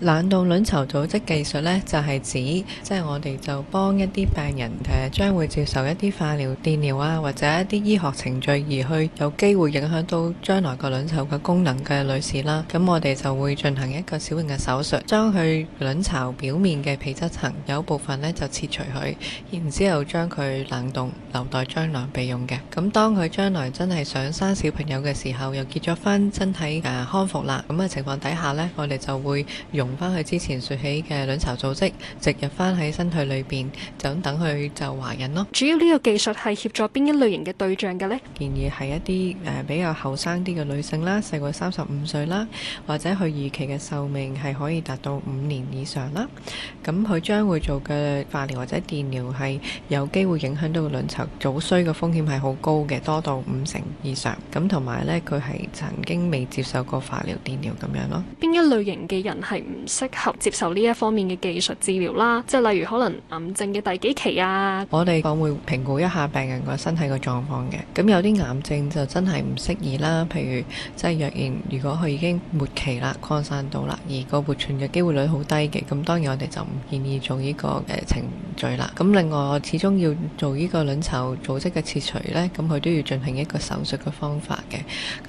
冷凍卵巢組織技術呢，就係指即係我哋就幫一啲病人誒將會接受一啲化療、電療啊，或者一啲醫學程序而去有機會影響到將來個卵巢嘅功能嘅女士啦。咁我哋就會進行一個小型嘅手術，將佢卵巢表面嘅皮質層有部分呢就切除佢，然之後將佢冷凍留待將來備用嘅。咁當佢將來真係想生小朋友嘅時候，又結咗返身體誒康復啦。咁嘅情況底下呢，我哋就會用。翻去之前說起嘅卵巢組織植入翻喺身體裏邊，就等佢就懷孕咯。主要呢個技術係協助邊一類型嘅對象嘅呢？建議係一啲誒比較後生啲嘅女性啦，細過三十五歲啦，或者佢預期嘅壽命係可以達到五年以上啦。咁佢將會做嘅化療或者電療係有機會影響到卵巢早衰嘅風險係好高嘅，多到五成以上。咁同埋呢，佢係曾經未接受過化療、電療咁樣咯。邊一類型嘅人係唔？唔適合接受呢一方面嘅技術治療啦，即係例如可能癌症嘅第幾期啊。我哋講會評估一下病人個身體個狀況嘅，咁有啲癌症就真係唔適宜啦。譬如即係若然如果佢已經末期啦、擴散到啦，而個活存嘅機會率好低嘅，咁當然我哋就唔建議做呢個嘅情啦，咁另外我始終要做呢個卵巢組織嘅切除呢，咁佢都要進行一個手術嘅方法嘅，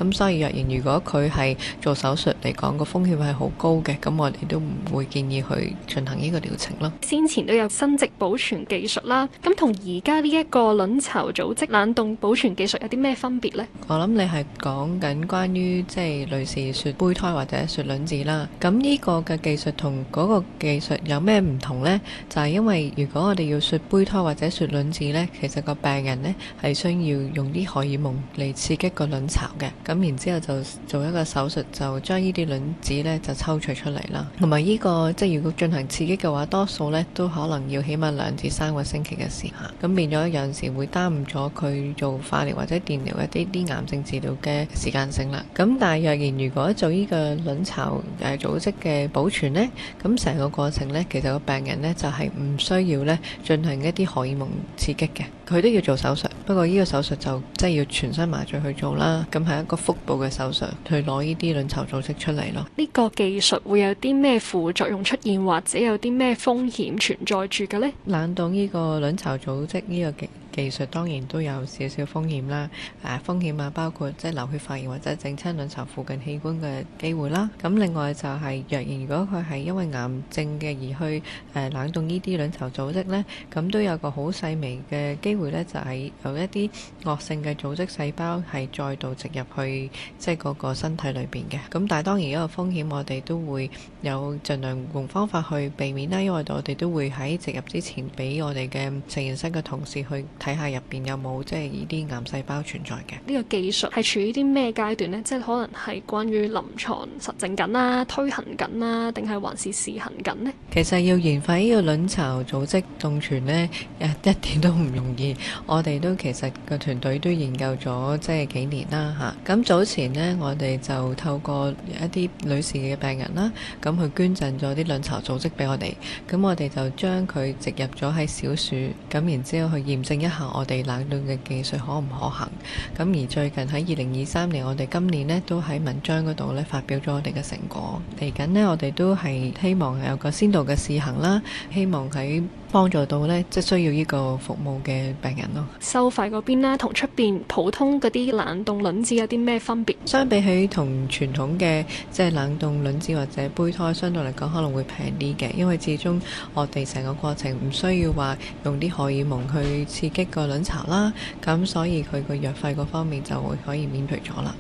咁所以若然如果佢係做手術嚟講，個風險係好高嘅，咁我哋都唔會建議佢進行呢個療程咯。先前都有生殖保存技術啦，咁同而家呢一個卵巢組織冷凍保存技術有啲咩分別呢？我諗你係講緊關於即係類似説胚胎或者説卵子啦，咁呢個嘅技術同嗰個技術有咩唔同呢？就係因為如果如果我哋要說胚胎或者說卵子呢，其實個病人呢係需要用啲荷爾蒙嚟刺激個卵巢嘅，咁然之後就做一個手術，就將呢啲卵子呢就抽取出嚟啦。同埋呢個即係如果進行刺激嘅話，多數呢都可能要起碼兩至三個星期嘅時間，咁變咗有陣時會耽誤咗佢做化療或者電療一啲啲癌症治療嘅時間性啦。咁但係若然如果做呢個卵巢組織嘅保存呢，咁成個過程呢，其實個病人呢就係唔需要。咧進行一啲荷爾蒙刺激嘅，佢都要做手術。不過呢個手術就即係、即係、要全身麻醉去做啦。咁係一個腹部嘅手術，去攞呢啲卵巢組織出嚟咯。呢、呢個技術會有啲咩副作用出現，或者有啲咩風險存在住嘅呢？冷凍呢個卵巢組織依、呢個技技術當然都有少少風險啦，誒，風險啊，包括即係流血、發炎或者整親卵巢附近器官嘅機會啦。咁另外就係，若然如果佢係因為癌症嘅而去誒，冷凍呢啲卵巢組織咧，咁都有個好細微嘅機會咧，就係有一啲惡性嘅組織細胞係再度植入去即係嗰個身體裏面嘅。咁但係當然呢個風險我哋都會有盡量用方法去避免啦。因為我哋都會喺植入之前俾我哋嘅成人室嘅同事去。睇下入邊有冇即係呢啲癌細胞存在嘅。呢、這個技術係處於啲咩階段咧？即、就、係、是、可能係關於臨床實證緊啦、啊、推行緊啦、啊，定係還是試行緊咧？其實要研發呢個卵巢組織凍存咧，誒一點都唔容易。我哋都其實個團隊都研究咗即係幾年啦吓，咁早前咧，我哋就透過一啲女士嘅病人啦，咁去捐贈咗啲卵巢組織俾我哋，咁我哋就將佢植入咗喺小鼠，咁然之後去驗證。一。下我哋冷凍嘅技術可唔可行？咁而最近喺二零二三年，我哋今年呢都喺文章嗰度呢發表咗我哋嘅成果。嚟緊呢，我哋都係希望有個先導嘅試行啦，希望喺。幫助到呢，即需要呢個服務嘅病人咯。收費嗰邊啦，同出邊普通嗰啲冷凍卵子有啲咩分別？相比起同傳統嘅即係冷凍卵子或者胚胎，相對嚟講可能會平啲嘅，因為始終我哋成個過程唔需要話用啲荷爾蒙去刺激個卵巢啦，咁所以佢個藥費嗰方面就會可以免除咗啦。